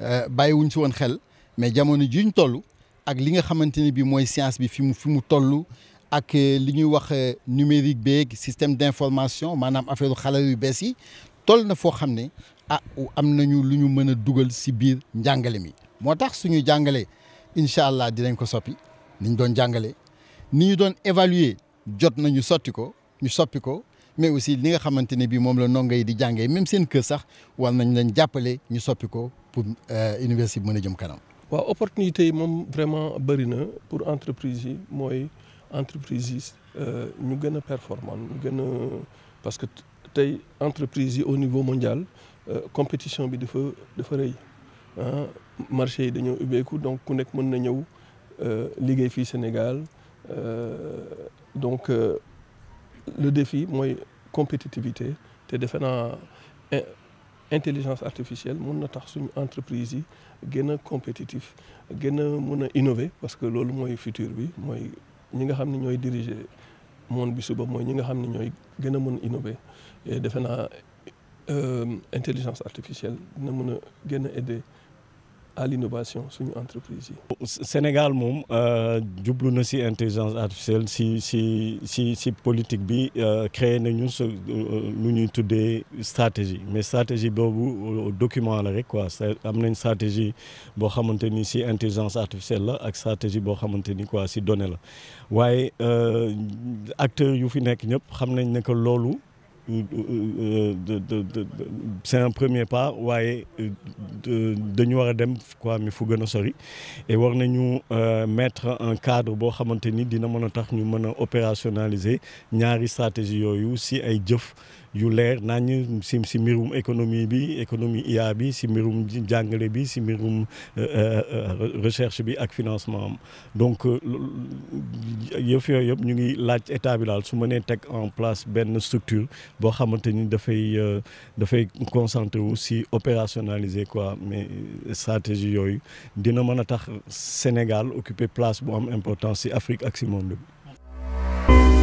Euh, bàyyiwuñ ci won xel mais jamono jiñ toll ak li nga xamanteni ni bi moy science bi fi mu fi mu ak euh, li ñuy wax euh, numérique beeg système d'information manam affaire xale yu bees yi toll na fo xamné ah am nañu lu ñu a dugal biir njàngale mi motax suñu jàngalee inshallah allah dinañ ko soppi niñ doon jàngalee ni ñu doon évaluer jot nañu sotti ko ñu soppi ko mais aussi li nga xamantene bi mom la nongay di jangé même sen keur sax war nañ leen jàppale ñu soppi ko pour euh, université mëna jëm kanam. wa opportunité yi moom vraiment bari na pour entreprise yi mooy entreprise euh ñu gëna performant ñu gëna parce que tay entreprise yi au niveau mondial euh, compétition bi dafa dafa reuy hein ah, marché yi dañoo ubbeeku donc ku nek mëna ñëw euh liggéey fi Sénégal euh donc. Euh, le défi moi, compétitivité c'est de faire eh, intelligence artificielle mon na tax entreprise yi gën compétitif gën innover parce que loolu mooy futur bi mooy ñi nga xam ne diriger monde bi suba mooy ñi nga xam ne ñooy gën innover et defe naa euh, intelligence artificielle ne mun a aider à l'innovation une entreprise Sénégal euh, nous intelligence artificielle si si si politique bi euh, créé une euh, stratégie mais stratégie document nous quoi stratégie pour intelligence artificielle stratégie pour quoi acteurs euh, c'est un premier pas waaye euh, dañu war a dem quoi mi fu gën sori et war nañu euh, mettre un cadre bo xamanteni dina mëna tax ñu mëna opérationnaliser ñaari stratégie yoyu si ay jëf yu leer nañ si si mbirum économie bi économie IA bi si mbirum jàngale bi si mbirum euh, euh, euh, recherche bi ak financement am donc yëf yooyu yëpp ñu ngi laaj état bi daal su mënee teg en place benn structure boo xamante ni dafay dafay concentré wu si opérationnaliser quoi mais stratégie yooyu dina mën a tax Sénégal occuper place bu am importance si Afrique ak si monde bi